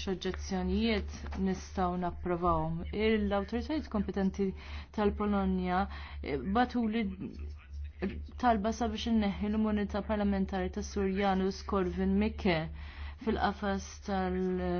xoġġezzjonijiet nistaw napprovawhom. L-awtoritajiet kompetenti tal-Polonja eh, batu li talba sabiex inneħħi l-immunità parlamentari ta' Surjanus Korvin Mikke fil-qafas tal-